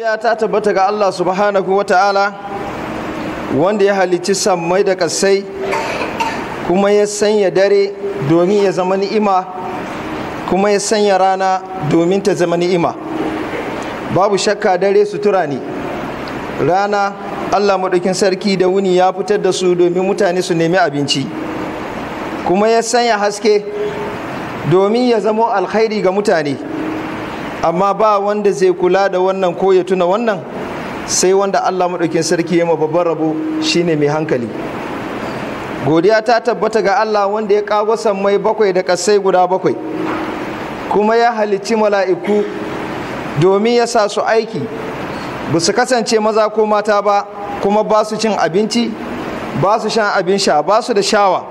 duniya ta tabbata ga Allah subhanahu wa ta'ala wanda ya halicci sammai da kasai kuma ya sanya dare domin ya zama ni'ima kuma ya sanya rana domin ta zama ni'ima babu shakka dare sutura ne rana Allah maɗaukin sarki da wuni ya fitar da su domin mutane su nemi abinci kuma ya sanya haske domin ya zamo alkhairi ga mutane amma ba wanda zai kula da wannan ko ya tuna wannan sai wanda Allah maɗaukin sarki ya ma babban rabo shine mai hankali godiya ta tabbata ga Allah wanda ya kago mai bakwai da kasai guda bakwai kuma ya halicci mala'iku domin ya sa su aiki ba su kasance maza ko mata ba kuma ba su cin abinci ba su shan abin sha ba su da shawa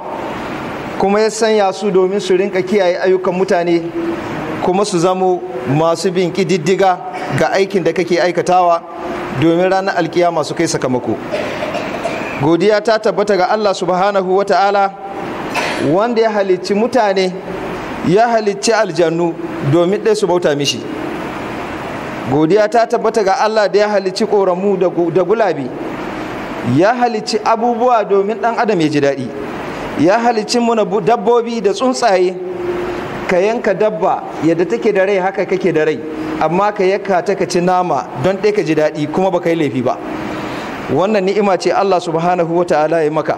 kuma ya sanya su domin su rinka kiyaye ayyukan mutane kuma su zamo masu bin ƙididdiga ga aikin da kake aikatawa domin ranar alkiya su kai sakamako godiya ta tabbata ga allah subhanahu wa ta'ala wanda ya halicci mutane ya halicci aljannu domin ɗaya su bauta mishi godiya ta tabbata ga allah da ya halicci ƙoramu da gulabi ya halicci abubuwa domin ɗan adam ya ji daɗi ya halicci muna dabbobi da tsuntsaye ka yanka dabba yadda take da rai haka kake da rai amma ka yanka ta ka ci nama don ɗaya ka ji daɗi kuma ba ka yi laifi ba wannan ni'ima ce Allah subhanahu wa ta'ala ya maka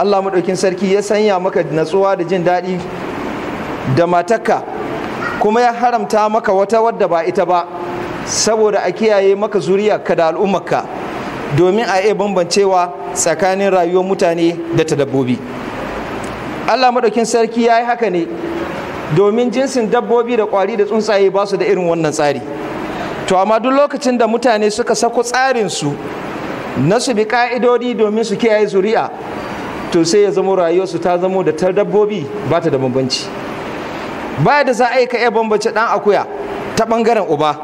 Allah maɗaukin sarki ya sanya maka natsuwa da jin daɗi da matakka kuma ya haramta maka wata wadda ba ita ba saboda a kiyaye maka zuriya ka da al'ummarka domin a iya bambancewa tsakanin rayuwar mutane da ta dabbobi Allah maɗaukin sarki ya yi haka ne domin jinsin dabbobi da kwari da tsuntsaye ba su da irin wannan tsari to amma duk lokacin da mutane suka sako tsarinsu na su bi ka'idodi domin su kiyaye zuri'a to sai ya zama rayuwarsu ta zamo da ta dabbobi ba ta da bambanci Ba da za a yi ka iya bambance dan akuya ta bangaren uba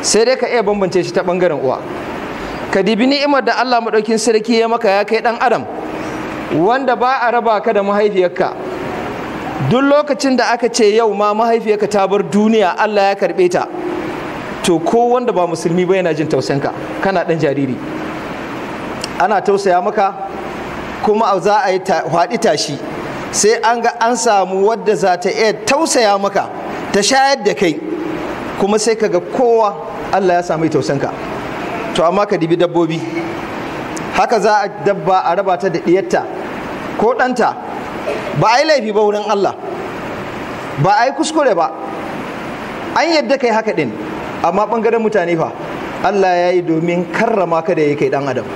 sai dai ka iya bambance shi ta bangaren uwa ka dibi ni'imar da Allah madaukin sarki ya maka ya kai dan adam wanda ba a raba ka da mahaifiyarka duk lokacin da aka ce yau ma mahaifiyarka ta bar duniya Allah ya karɓe ta to ko wanda ba musulmi ba yana jin tausayinka kana ɗan jariri ana tausaya maka kuma za a yi haɗi tashi sai an ga an samu wadda za ta iya tausaya maka ta shayar da kai kuma sai ka ga kowa Allah ya sami tausanka to amma ka dibi dabbobi haka za a dabba a raba ta da ɗiyarta ko ɗanta ba a yi laifi ba wurin Allah ba a yi kuskure ba an yadda kai haka ɗin amma ɓangaren mutane fa Allah ya yi domin karrama ka da ya kai ɗan adam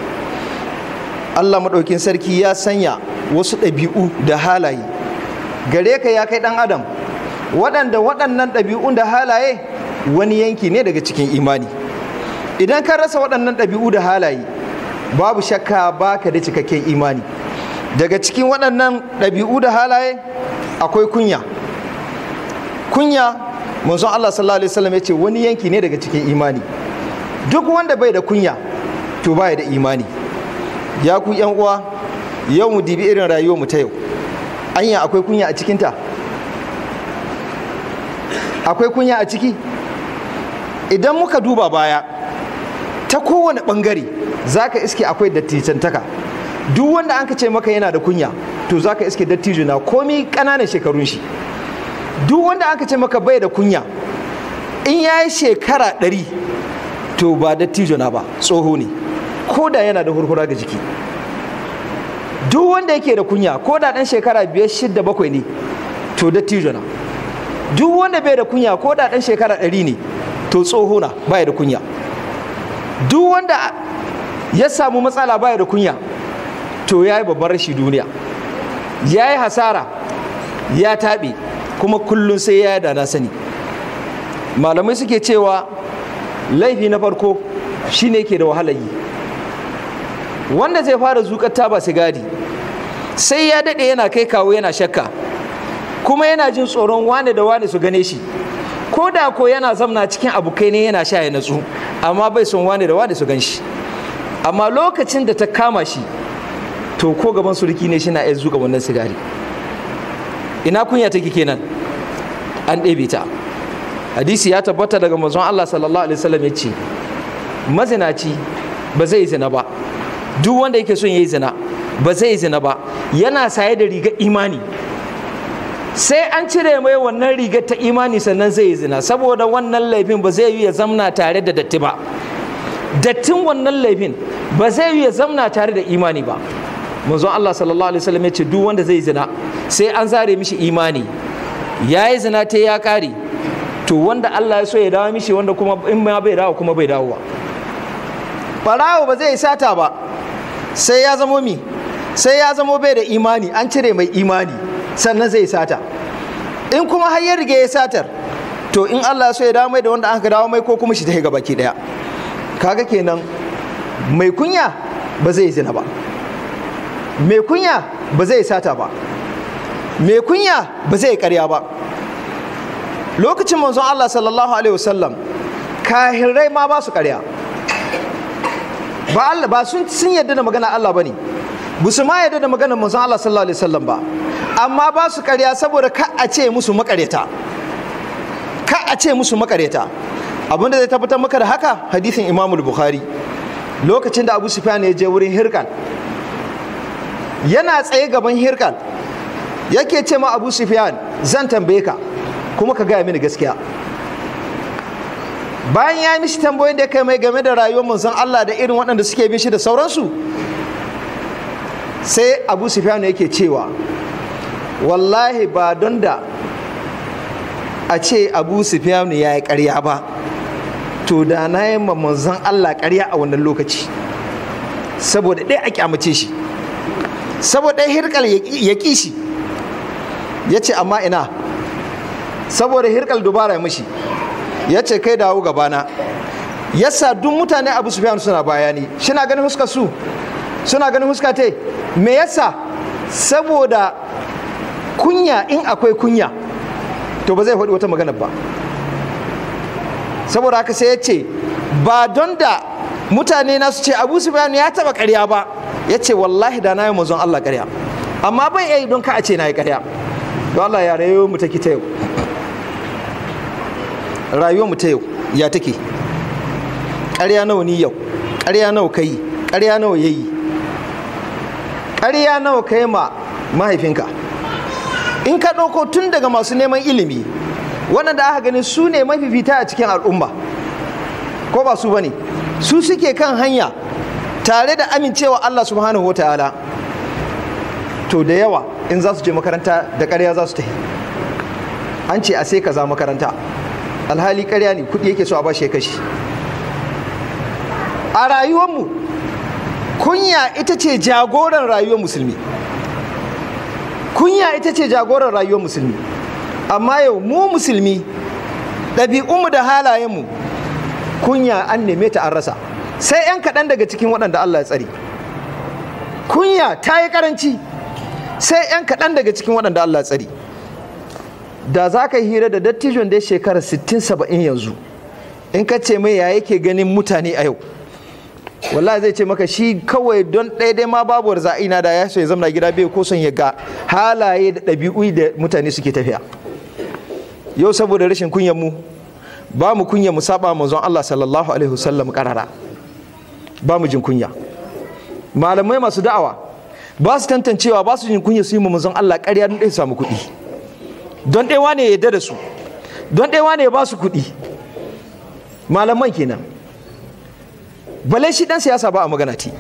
Allah maɗaukin sarki ya sanya wasu ɗabi'u da halaye gare ka ya kai ɗan adam waɗanda waɗannan ɗabi'un da halaye wani yanki ne daga cikin imani idan ka rasa waɗannan ɗabi'u da halaye babu shakka ba ka da cikakken imani daga cikin waɗannan ɗabi'u da halaye akwai kunya kunya manzon Allah sallallahu alaihi wasallam ya ce wani yanki ne daga cikin imani duk wanda bai da kunya to baya da imani ya ku yan uwa yau mu dibi irin rayuwar mu ta yau anya akwai kunya a cikinta akwai kunya a ciki idan muka duba baya ta kowane bangare zaka iske akwai dattijantaka duk wanda an ka ce maka yana da kunya to za ka iske dattijo na komi ƙananan shekarun shi duk wanda an ka ce maka bai da kunya in ya yi shekara ɗari to ba dattijo na ba tsoho ne ko da yana da hurhura ga jiki duk wanda yake da kunya ko da ɗan shekara biyar shidda bakwai ne to dattijo na duk wanda bai da kunya ko da ɗan shekara ɗari ne to tsoho na baya da kunya duk wanda ya samu matsala baya da kunya to ya yi babban rashi duniya ya yi hasara ya taɓe kuma kullum sai ya da na sani malamai suke cewa laifi na farko shi ne ke da wahala yi wanda zai fara zukar taba sigari sai ya daɗe yana kai kawo yana shakka kuma yana jin tsoron wane da wane su gane shi ko da ko yana zamna cikin abokai ne yana sha ya natsu amma bai son wane da wane su gan shi amma lokacin da ta kama shi to ko gaban suriki ne shi na iya zuga wannan sigari ina kunya take kenan an ɗebe ta hadisi ya tabbata daga manzon Allah sallallahu alaihi wasallam ya ce mazinaci ba zai zina ba duk wanda yake son ya yi zina ba zai zina ba yana saye da rigar imani sai an cire mai wannan rigar ta imani sannan zai yi zina saboda wannan laifin ba zai yi ya zamna tare da datti ba dattin wannan laifin ba zai yi ya zamna tare da imani ba manzon Allah sallallahu alaihi wasallam ya ce duk wanda zai zina sai an zare mishi imani yayi zina ta ya kare to wanda Allah ya so ya dawo mishi wanda kuma in ma bai dawo kuma bai dawo barawo ba zai sata ba sai ya zamo mi sai ya zamo bai da imani an cire mai imani sannan zai sata in kuma har ya riga ya satar to in Allah ya so ya dawo mai da wanda aka dawo mai ko kuma shi ta ga baki daya kaga kenan mai kunya ba zai zina ba mai kunya ba zai sata ba mai kunya ba zai karya ba lokacin manzon Allah sallallahu alaihi wasallam kahirai ma ba su karya ba Allah ba sun sun yadda da magana Allah bane ba su ma yadda da magana manzon Allah sallallahu alaihi wasallam ba amma ba su karya saboda ka a ce musu makareta ka a ce musu makareta abinda zai tabbatar maka da haka hadisin Imam Bukhari lokacin da Abu Sufyan ya je wurin Hirkan yana tsaye gaban hirkal yake ce ma abu sufyan zan tambaye ka kuma ka gaya mini gaskiya bayan ya yi mishi tambayoyin da ya kai mai game da rayuwar manzon Allah da irin waɗanda suke bin shi da sauransu sai abu sufyan yake cewa wallahi ba don da a ce abu sufyan ya yi ƙarya ba to da na yi manzon Allah karya a wannan lokaci saboda ɗaya a kyamace shi saboda hirkal ya ƙi shi ya ce amma ina saboda hirkal dubara mishi ya ce kai dawo gabana yasa duk mutane abu su suna bayani suna ganin huska su suna ganin huska te me yasa saboda kunya in akwai kunya to ba zai faɗi wata magana ba saboda haka sai ya ce ba don da mutane na su ce abu su ya taɓa karya ba ya ce wallahi da na yi mazon Allah ƙarya amma bai yi don ka a ce na yi ƙarya don Allah ya rayuwa mu take ta yau rayuwa mu ta yau ya take ƙarya nawa ni yau ƙarya nawa ka yi ƙarya nawa ya yi ƙarya nawa ka yi ma mahaifinka in ka ɗauko tun daga masu neman ilimi waɗanda aka gani su ne mafifita a cikin al'umma ko ba su ba ne su suke kan hanya tare da amincewa Allah subhanahu wa ta'ala to da yawa in za su je makaranta da ƙarya za su tafi an ce a sai ka za makaranta alhali ƙarya ne kuɗi yake so a bashi ya kashi a rayuwarmu kunya ita ce jagoran rayuwar musulmi kunya ita ce jagoran rayuwar musulmi amma yau mu musulmi ɗabi'unmu da halayenmu kunya an neme ta an rasa sai 'yan kaɗan daga cikin waɗanda Allah ya tsari kunya ta yi ƙaranci sai 'yan kaɗan daga cikin waɗanda Allah ya tsari da za ka hira da dattijon da shekara 60-70 yanzu in ka ce mai ya yake ganin mutane a yau wallahi zai ce maka shi kawai don ɗaya dai ma babuwar za'ina da ya so ya zamna gida bai ko son ya ga halaye da ɗabi'u da mutane suke tafiya yau saboda rashin kunyan mu ba mu kunya mu saba manzon Allah sallallahu alaihi wasallam karara ba mu jin kunya malamai masu da'awa ba su tantancewa ba su jin kunya su yi manzon Allah ƙarya don ɗaya samu kuɗi don ɗaya wane ya da su don ɗaya wane ya ba su kuɗi malaman kenan bale shi ɗan siyasa ba a magana ti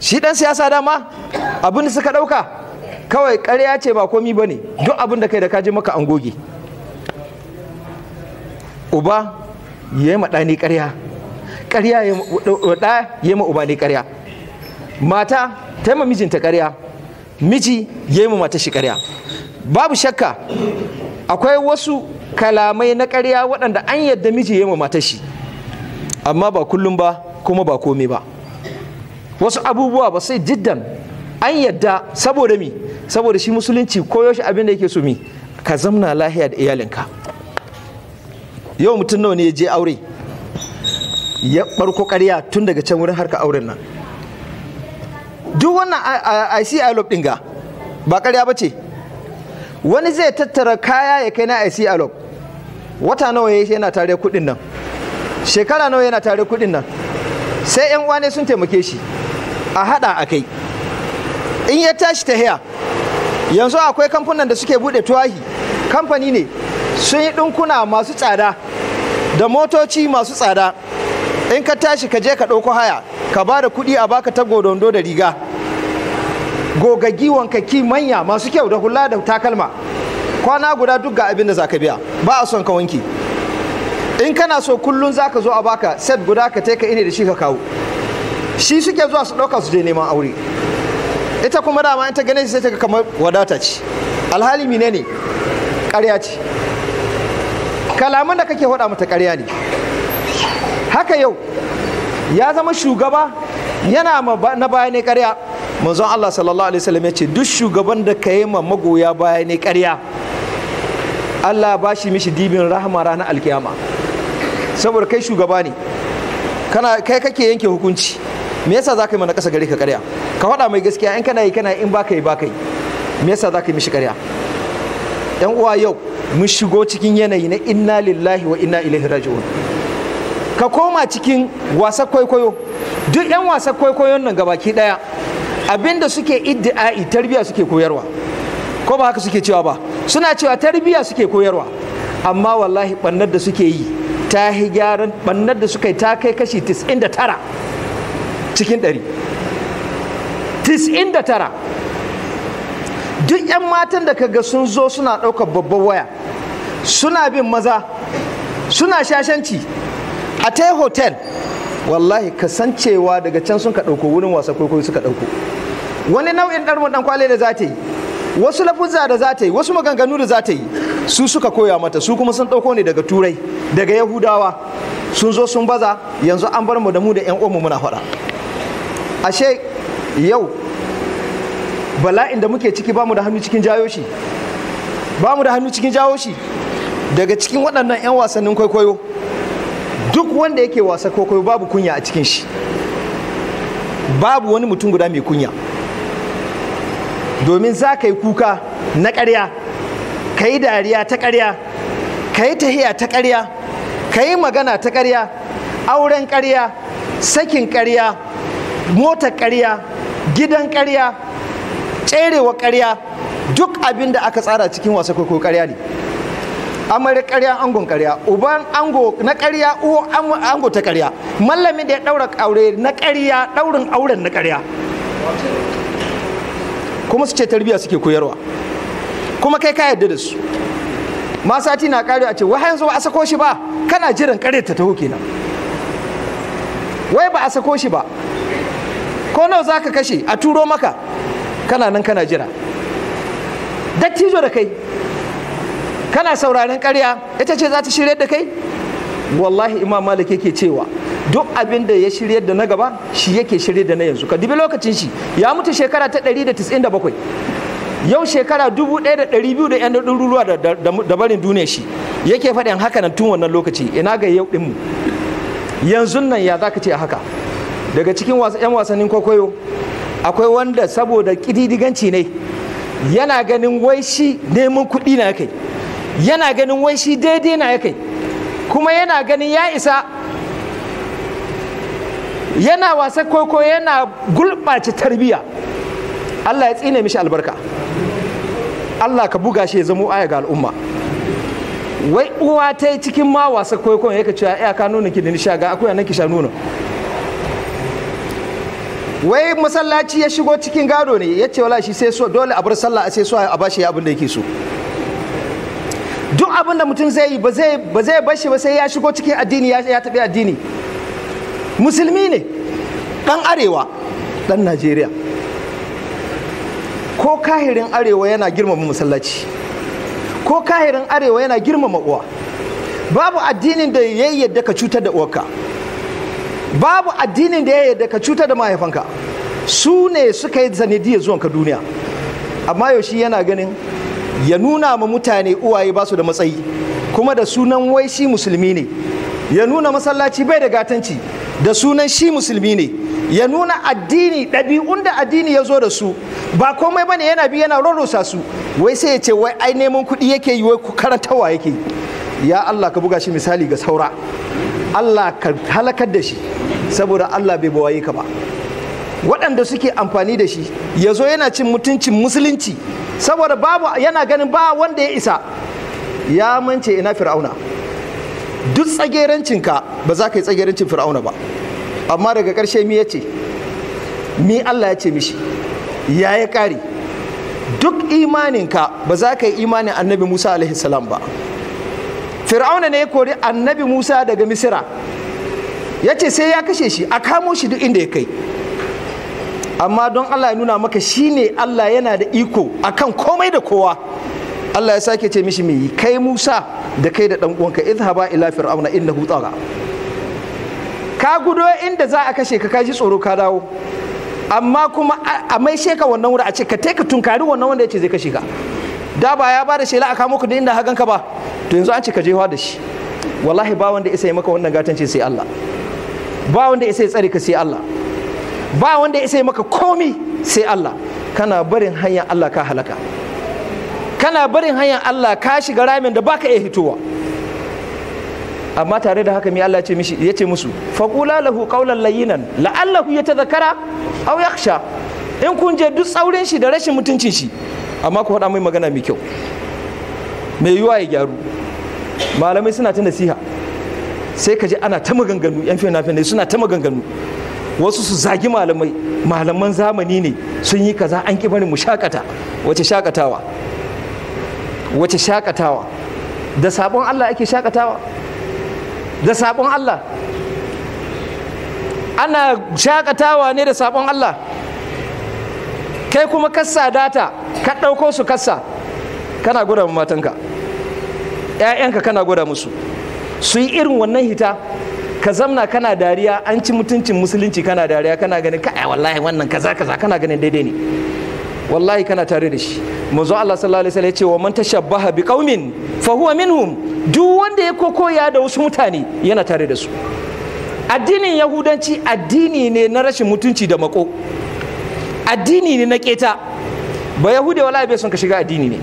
shi ɗan siyasa dama abin da suka ɗauka kawai ƙarya ce ba komi ba ne duk abin da kai da kaji maka an goge uba ya yi maɗani ƙarya ƙarya ɗa ya ma uba ne ƙarya mata ta yi ma mijinta karya. miji ya yi ma mata shi ƙarya babu shakka akwai wasu kalamai na karya waɗanda an yadda miji ya yi ma mata shi amma ba kullum ba kuma ba komai ba wasu abubuwa ba sai jiddan an yadda saboda mi saboda shi musulunci koyaushe abin da yake so mi ka zamna lahiya da iyalinka yau mutum nawa ne ya je aure ya barko ƙarya tun daga can wurin harka auren nan duk wannan IC ILOP ɗin ga ba ƙarya ba ce wani zai tattara kaya ya kai na a wata nawa ya yana tare kuɗin nan shekara nawa yana tare kuɗin nan sai 'yan uwane sun taimake shi a haɗa a kai in ya tashi ta haya yanzu akwai kamfanin da suke buɗe tuwahi kamfani ne sun yi ɗinkuna masu tsada da motoci masu tsada in ka tashi ka je ka ɗauko haya ka ba da kuɗi a baka ta godondo da riga gogaggi wankaki manya masu kyau da hula da takalma kwana guda duk ga abin da za ka biya ba a son ka wanki in kana so kullum za ka zo a baka set guda ka ka ine da shi ka kawo shi suke zuwa su ɗauka su je neman aure ita kuma dama in ta gane sai ta kamar wadata ce alhali mine ne ƙarya ce kalaman da kake hoda mata ƙarya ne haka yau ya zama shugaba yana na baya ne karya manzon Allah sallallahu alaihi wasallam ya ce duk shugaban da ka yi ma magoya baya ne karya Allah ba shi mishi dibin rahama ranar alkiyama saboda kai shugaba ne kana kai kake yanke hukunci me yasa za ka yi mana kasa gare ka karya ka faɗa mai gaskiya in kana yi kana in baka yi baka yi me yasa za ka yi mishi karya yan uwa yau mun shigo cikin yanayi na inna lillahi wa inna ilaihi raji'un ka koma cikin wasa kwaikwayo duk 'yan wasa kwaikwayon nan gabaki daya abinda suke iddi'ai tarbiya suke koyarwa ko ba haka suke cewa ba suna cewa tarbiya suke koyarwa amma wallahi bannar da suke yi ta yi gyaran bannar da suka yi ta kai kashi 99 cikin 100 99 duk 'yan matan da kaga sun zo suna ɗaukar babban waya suna bin maza suna shashanci a ta hotel wallahi kasancewa daga can sun ka ɗauko wurin wasa kwaikwayo suka ɗauko wani nau'in ɗan ɗan kwale da za ta yi wasu lafuzza da za ta yi wasu maganganu da za ta yi su suka koya mata su kuma sun ɗauko ne daga turai daga yahudawa sun zo sun baza yanzu an bar mu da mu da yan uwanmu muna faɗa ashe yau bala'in da muke ciki bamu da hannu cikin jawo shi bamu da hannu cikin jawo shi daga cikin waɗannan yan wasannin kwaikwayo duk wanda yake wasa kwaikwayo babu kunya a cikin shi babu wani mutum guda mai kunya domin za ka yi kuka na ƙarya ka yi dariya ta ƙarya ka yi tahiya ta ƙarya ka yi magana ta ƙarya auren ƙarya sakin ƙarya motar ƙarya gidan ƙarya tserewa ƙarya duk abin da aka tsara cikin wasa kwaikwayo ƙarya ne amare karya angon ƙarya uban ango na ƙarya uwo ango ta ƙarya mallami da ya ɗaura aure na ƙarya ɗaurin auren na karya kuma su ce tarbiyya suke koyarwa kuma kai ka yarda da su ma sati na kare a ce wai yanzu ba a sako shi ba kana jiran kare ta taho kenan wai ba a sako shi ba ko nawa za ka kashe a turo maka kana nan kana jira dattijo da kai kana sauraren karya ita ce za ta shiryar da kai wallahi imam malik yake cewa duk abin da ya shirya da na gaba shi yake shirya da na yanzu ka dubi lokacin shi ya mutu shekara ta 197 yau shekara 1200 da yan da barin duniya shi yake faɗin haka nan tun wannan lokaci ina ga yau ɗinmu yanzu nan ya za ka ce haka daga cikin yan wasannin kwaikwayo akwai wanda saboda ƙididiganci ne yana ganin wai shi neman kuɗi na kai yana ganin wai shi daidai na ya kai kuma yana ganin ya isa yana wasa koko yana gulɓace tarbiya Allah ya tsine mishi albarka Allah ka buga shi ya zamo aya ga al'umma wai uwa ta yi cikin ma wasa kwaikwayo ya cewa ya ka nuna ki da nisha ga akuya nake sha nuna wai masallaci ya shigo cikin gado ne ya ce wala shi sai so dole a bar sallah a sai so a bashi abin da yake so abin da mutum zai yi ba zai bar shi ba sai ya shigo cikin addini ya tafi addini musulmi ne ɗan arewa ɗan najeriya ko kahirin arewa yana girmama masallaci ko kahirin arewa yana girmama uwa babu addinin da ya yadda ka cutar da uwarka babu addinin da ya yadda ka cutar da mahaifanka su ne suka yi zanidiyar zuwanka duniya amma yaushe yana ganin ya nuna ma mutane uwaye ba su da matsayi kuma da sunan wai shi musulmi ne ya nuna masallaci bai da gatanci da sunan shi musulmi ne ya nuna addini ɗabi'un da addini ya zo da su ba komai bane yana bi yana rarrusa su wai sai ya ce wai ai neman kuɗi yake yi wai karantawa yake ya Allah ka buga shi misali ga saura Allah ka halakar da shi saboda Allah bai bawaye ka ba waɗanda suke amfani da shi ya zo yana cin mutuncin musulunci saboda babu yana ganin ba wanda ya isa ya mance ina fir'auna duk tsagerancinka ba za ka yi tsagerancin fir'auna ba amma daga ƙarshe mi ya ce mi allah ya ce mishi ya ya ƙari duk imaninka ba za ka yi imanin annabi musa alaihi salam ba fir'auna ne ya kori annabi musa daga misira ya ce sai ya kashe shi a kamo shi duk inda ya kai amma don Allah ya nuna maka shine Allah yana da iko akan komai da kowa Allah ya sake ce mishi mai kai Musa da kai da dan uwanka idhaba ila fir'auna innahu tagha ka gudo inda za a kashe ka kaji tsoro ka dawo amma kuma a mai sheka wannan wuri a ce ka teka tunkari wannan wanda yace zai kashe ka da ba ya bada shela a kamo ku da inda hagan ka ba to yanzu an ce ka je da shi wallahi ba wanda isa yi maka wannan ce sai Allah ba wanda isa ya tsare ka sai Allah ba wanda ya sai maka komi sai Allah kana barin hanyar Allah ka halaka kana barin hanyar Allah ka shiga ramin da baka iya hitowa amma tare da haka mai Allah ya ce musu faƙula lahu ƙaunar layinan la'allahu ya ta zakara au yakhsha in kun je duk tsaurin shi da rashin mutuncin shi amma ku faɗa mai magana mai kyau mai yiwuwa ya gyaru malamai suna ta nasiha sai ka ji ana ta maganganu yan fina-finai suna ta maganganu wasu su zagi malamai malaman zamani ne sun yi kaza an ki bari mu shakata wace shakatawa wace shakatawa da sabon Allah ake shakatawa da sabon Allah ana shakatawa ne da sabon Allah kai kuma kassa data ka ɗauko su kassa kana gwada matanka ‘ya'yanka kana gwada musu su yi irin wannan hita ka zamna kana dariya an ci mutuncin musulunci kana dariya kana ganin kai wallahi wannan kaza kaza kana ganin daidai ne wallahi kana tare da shi manzo Allah sallallahu alaihi wasallam ya ce wa man tashabbaha bi qaumin fa huwa minhum duk wanda ya kokoya da wasu mutane yana tare da su addinin yahudanci addini ne na rashin mutunci da mako addini ne na keta ba yahude wallahi bai son ka shiga addini ne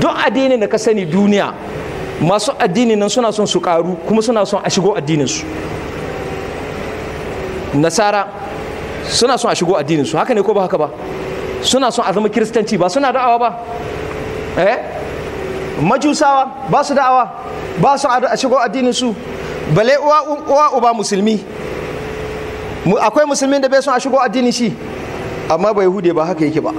duk addinin da ka sani duniya masu addini nan suna son su karu kuma suna son a shigo addininsu nasara suna son a shigo addininsu haka ne ko ba haka ba suna son a zama kiristanci ba suna da'awa ba eh majusawa ba su da'awa ba su a shigo addininsu bale uwa uba musulmi akwai musulmin da bai son a shigo addini shi amma ba hude ba haka yake ba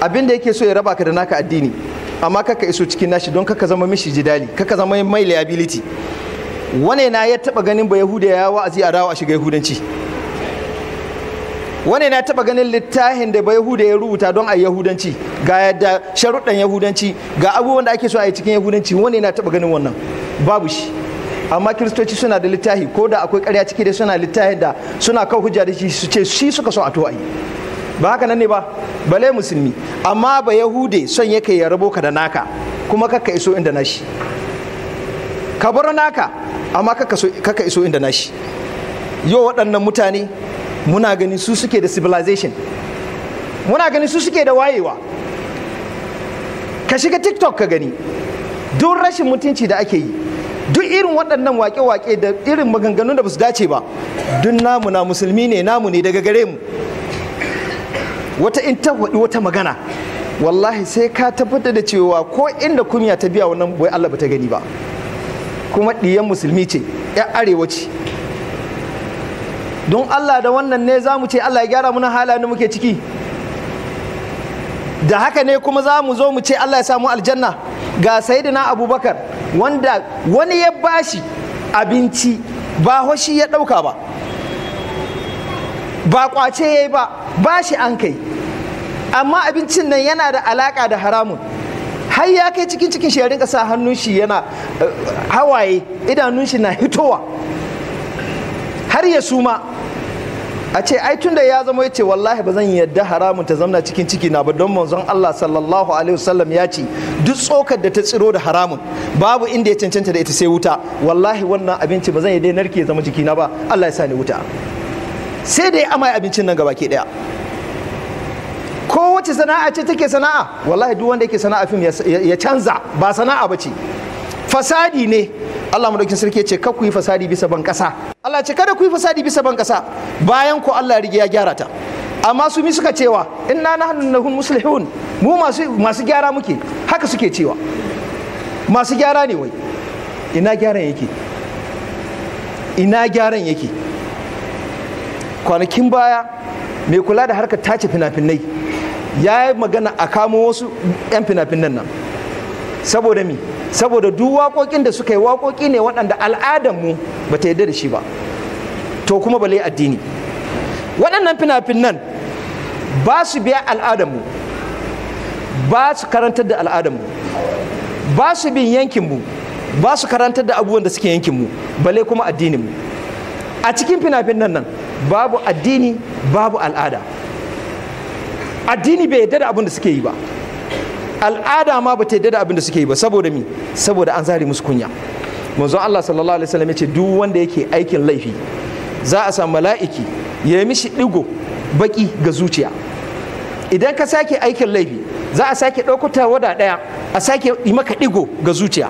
abin da yake so ya raba ka da naka addini amma kaka iso cikin nashi don kaka zama mishi jidali kaka zama mai liability wane na ya taba ganin ba yahuda ya wa'azi a dawo a shiga yahudanci wane na taba ganin littafin da ba yahuda ya rubuta don a yahudanci ga yadda sharuɗan yahudanci ga abubuwan da ake so a yi cikin yahudanci wane na taba ganin wannan babu shi amma kiristoci suna da littafi ko da akwai karya ciki da suna littafin da suna kan hujja da shi su ce shi suka so a to a yi ba haka nan ne ba bale musulmi amma ba yahude son yake ya rabo ka da naka kuma kaka iso inda nashi ka bar naka amma kaka iso inda nashi yau waɗannan mutane muna gani su suke da civilization muna gani su suke da wayewa ka shiga tiktok ka gani duk rashin mutunci da ake yi duk irin waɗannan wake waƙe da irin maganganun da ba su dace ba duk namu na musulmi ne namu ne daga gare mu wata in ta faɗi wata magana wallahi sai ka tabbatar da cewa ko inda kunya ta biya wannan bai Allah ba ta gani ba kuma ɗiyan musulmi ce ya arewa ce don Allah da wannan ne za mu ce Allah ya gyara muna hala da muke ciki da haka ne kuma za mu zo mu ce Allah ya samu aljanna ga sayidina abubakar wanda wani ya bashi abinci ba hoshi ya ɗauka ba ba kwace yi ba ba shi an kai amma abincin nan yana da alaka da haramun har ya kai cikin cikin shi ya rinka sa hannun shi yana eh, hawaye idanun shi na hitowa har ya suma a ce ai tunda ya zama ya ce wallahi ba zan yadda haramun ta zamna cikin ciki na ba don manzon Allah sallallahu alaihi wasallam ya ce duk tsokar da ta tsiro da haramun babu inda ya cancanta da ita sai wuta wallahi wannan abinci ba zan yi dai narke zama na ba Allah ya sani wuta sai da ya amai abincin nan gabaki daya kowace sana'a ce take sana'a wallahi duk wanda yake sana'a fim ya canza ba sana'a ba ce fasadi ne Allah madaukin sarki ce kar ku yi fasadi bisa ban kasa Allah ce kada ku yi fasadi bisa ban kasa bayan ku Allah rige ya gyara ta amma su mi suka cewa inna nahnu nahun muslihun mu masu masu gyara muke haka suke cewa masu gyara ne wai ina gyaran yake ina gyaran yake kwanakin baya mai kula da harkar tace fina-finai ya yi magana a kamo wasu 'yan fina-finan nan saboda mi saboda duk waƙoƙin da suka yi waƙoƙi ne waɗanda al'adarmu ba ta yarda da shi ba to kuma bale addini waɗannan fina-finan ba su biya al'adarmu ba su karantar da al'adarmu ba su bin yankinmu ba su karantar da abubuwan da suke yankinmu bale kuma addininmu a cikin fina-finan nan babu addini babu al'ada addini bai yadda da abin da suke yi ba al'ada ma ba ta yadda da abin da suke yi ba saboda mi saboda an zare musu kunya manzon Allah sallallahu alaihi wasallam yace duk wanda yake aikin laifi za a samu mala'iki ya yi mishi digo baki ga zuciya idan ka sake aikin laifi za a sake ɗauko tawada ɗaya a sake yi maka digo ga zuciya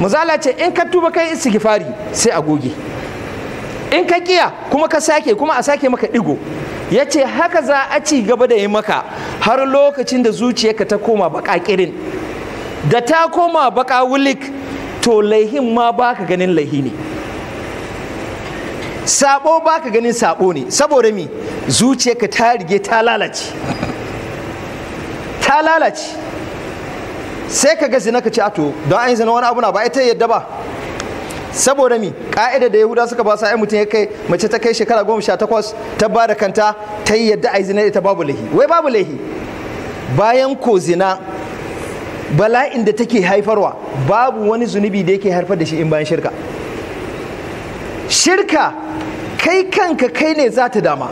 mazala ce in ka tuba kai istighfari sai a goge in ka kiya kuma ka sake kuma a sake maka digo ya ce haka za a ci gaba da yi maka har lokacin da zuciyarka ta koma baka kirin da ta koma baka wulik to laihin ma baka ganin laihi ne sabo baka ganin sabo ne saboda mi zuciyarka ta rige ta lalace ta lalace sai ka gazi na ka ci ato don an yi zina wani abu na ba ita yadda ba saboda mi ka'ida da yahuda suka ba su ai mutum ya kai mace ta kai shekara goma sha takwas ta bada kanta ta yi yadda ai zina ita babu laihi wai babu laihi bayan ko zina bala'in da take haifarwa babu wani zunubi da yake haifar da shi in bayan shirka shirka kai kanka kai ne za ta dama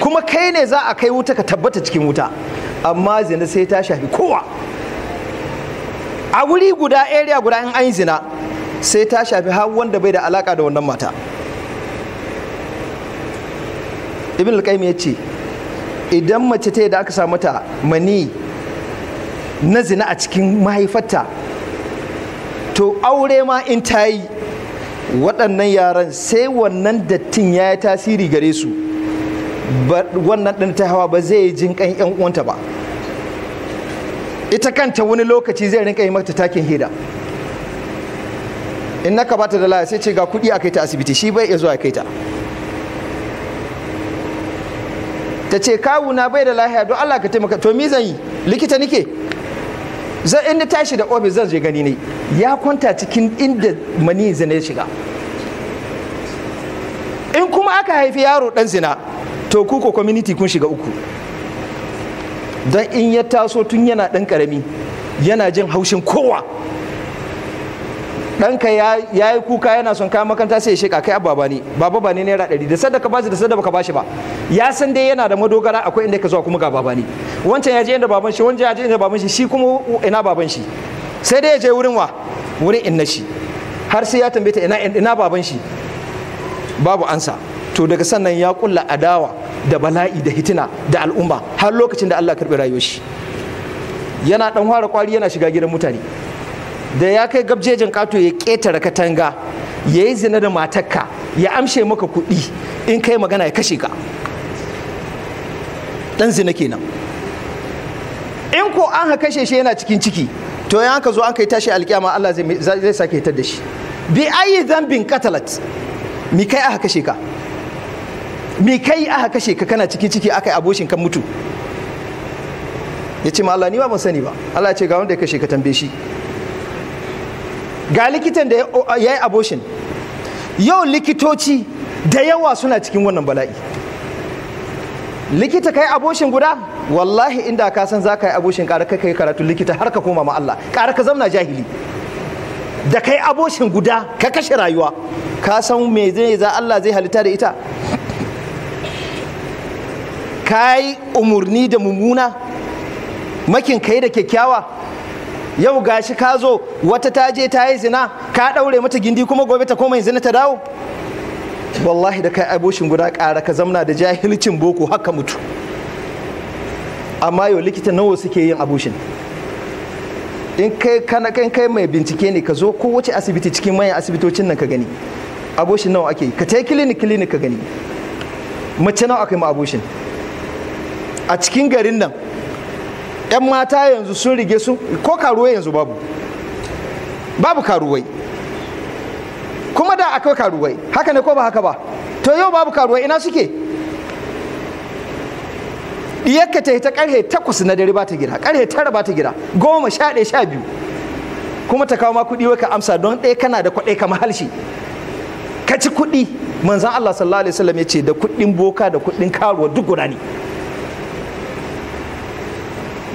kuma kai ne za a kai wuta ka tabbata cikin wuta amma zina sai ta shafi kowa a wuri guda area guda in an zina sai ta shafi har wanda bai da alaka da wannan mata ibn al ya ce idan mace ta da aka samu mata mani na zina a cikin mahaifarta to aure ma in ta yi waɗannan yaran sai wannan dattin ya yi tasiri gare su wannan ɗin ta hawa ba zai yi jin ƙan uwanta ba ita kanta wani lokaci zai rinka yi mata takin hira in na bata da laya sai ce ga kuɗi a kai ta asibiti shi bai iya zuwa kai ta ta ce na bai da lahiya don Allah ka taimaka to mi zan yi likita nike zan inda tashi da ofis zan je gani ne ya kwanta cikin inda mani zina ya shiga in kuma aka haifi yaro dan zina to ku ko community kun shiga uku don in ya taso tun yana dan karami yana jin haushin kowa ɗanka ya yi kuka yana son kayan makaranta sai ya sheka kai ababa ne baba ba ne naira ɗari da sadaka ba da sadaka ba shi ba ya san dai yana da madogara akwai inda ka zuwa kuma ga baba ne wancan ya je inda baban shi wancan ya je inda baban shi shi kuma ina baban shi sai dai ya je wurin wa wurin inna shi har sai ya tambaye ta ina ina baban shi babu ansa to daga sannan ya kulla adawa da bala'i da hitina da al'umma har lokacin da Allah karɓi rayuwar shi yana dan fara kwari yana shiga gidan mutane da ya kai gabjejin kato ya ƙetare katanga ya yi zina da matakka, ya amshe maka kuɗi in kai magana ya kashe ka ɗan zina kenan in ko an haka kashe shi yana cikin ciki to ya ka zo an kai tashi alƙiyama Allah zai sake hitar da shi bi ayi zambin katalat mi kai aka kashe ka mi kai aka kashe ka kana cikin ciki aka yi aboshin kan mutu ya ce ma Allah ni ba ban sani ba Allah ya ce ga wanda ya kashe ka tambaye shi ga likitan da ya yi aboshin yau likitoci da yawa suna cikin wannan bala'i likita kai aboshin guda wallahi inda ka san za ka yi aboshin ƙara kai karatu likita har ka koma ma Allah ƙara ka zamna jahili da kai aboshin guda ka kashe rayuwa ka san me zai za Allah zai halitta da ita ka yi umarni da mummuna makin kai da kyakkyawa yau gashi ka zo wata ta je ta yi zina ka ɗaure mata gindi kuma gobe ta koma zina ta dawo wallahi da kai aboshin guda ƙara ka zamna da jahilcin boko haka mutu amma yau likita nawa suke yin aboshin in kai kana kai kai mai bincike ne ka zo kowace asibiti cikin manyan asibitocin nan ka gani aboshin nawa ake ka ta clinic clinic ka gani mace nawa aka yi ma aboshin a cikin garin nan 'yan mata yanzu sun rige su? ko karuwai yanzu babu babu karuwai kuma da akwai karuwai haka ne ko ba haka ba to yau babu karuwai ina suke diyarka ta ta karhe takwas na dare ba ta gida karhe tara ba ta gida goma sha ɗaya sha biyu kuma ta kawo ma kuɗi wai ka amsa don ɗaya kana da kwaɗai kamar halshi ka ci kuɗi manzan Allah sallallahu alaihi wasallam ya ce da kuɗin boka da kuɗin karuwa duk guda ne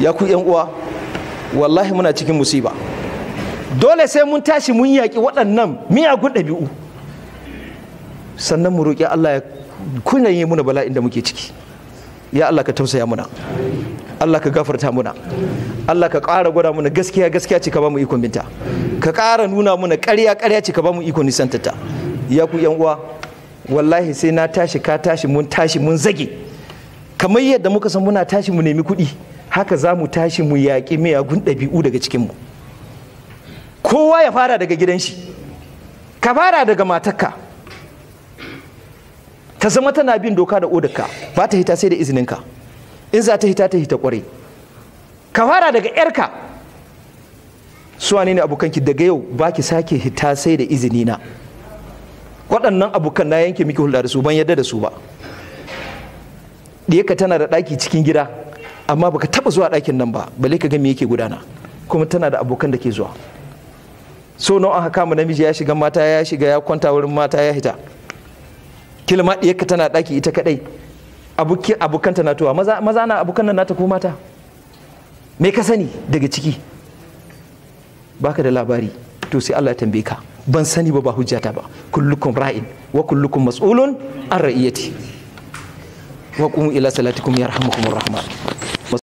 ya ku yan uwa wallahi muna cikin musiba dole sai mun tashi mun yaƙi waɗannan miyagun ɗabi'u sannan mu roƙi Allah ya yi muna bala'in da muke ciki ya Allah ka tausaya muna Allah ka gafarta muna Allah ka ƙara gwada muna gaskiya gaskiya ce ka ba mu ikon binta ka ƙara nuna muna ƙarya ƙarya ce ka ba mu ikon nisantata ya ku yan uwa wallahi sai na tashi ka tashi mun tashi mun zage kamar yadda muka san muna tashi mu nemi kuɗi haka za mu tashi mu yaƙi miyagun ɗabi'u daga cikinmu kowa ya fara daga gidan shi ka fara daga matakka. ta zama tana bin doka da odaka, ba ta hita sai da izininka in za ta hita ta hita kwarai ka fara daga yarka suwane ne abokanki daga yau ba ki sake hita sai da izinina waɗannan abokan na yanke miki hulɗa da su ban yadda da su ba ɗiyarka tana da ɗaki cikin gida amma baka taba zuwa ɗakin nan ba balle ka ga me yake gudana kuma tana da abokan da ke zuwa so nawa aka kama namiji ya shiga mata ya shiga ya kwanta wurin mata ya hita kilma ɗiyarka tana ɗaki ita kaɗai abokanta na tuwa maza na abokan nan nata ko mata me ka sani daga ciki baka da labari to sai Allah ya tambaye ka ban sani ba ba hujjata ba kullukum ra'in wa kullukum mas'ulun an ra'iyati wa qumu ila salatikum yarhamukumur rahman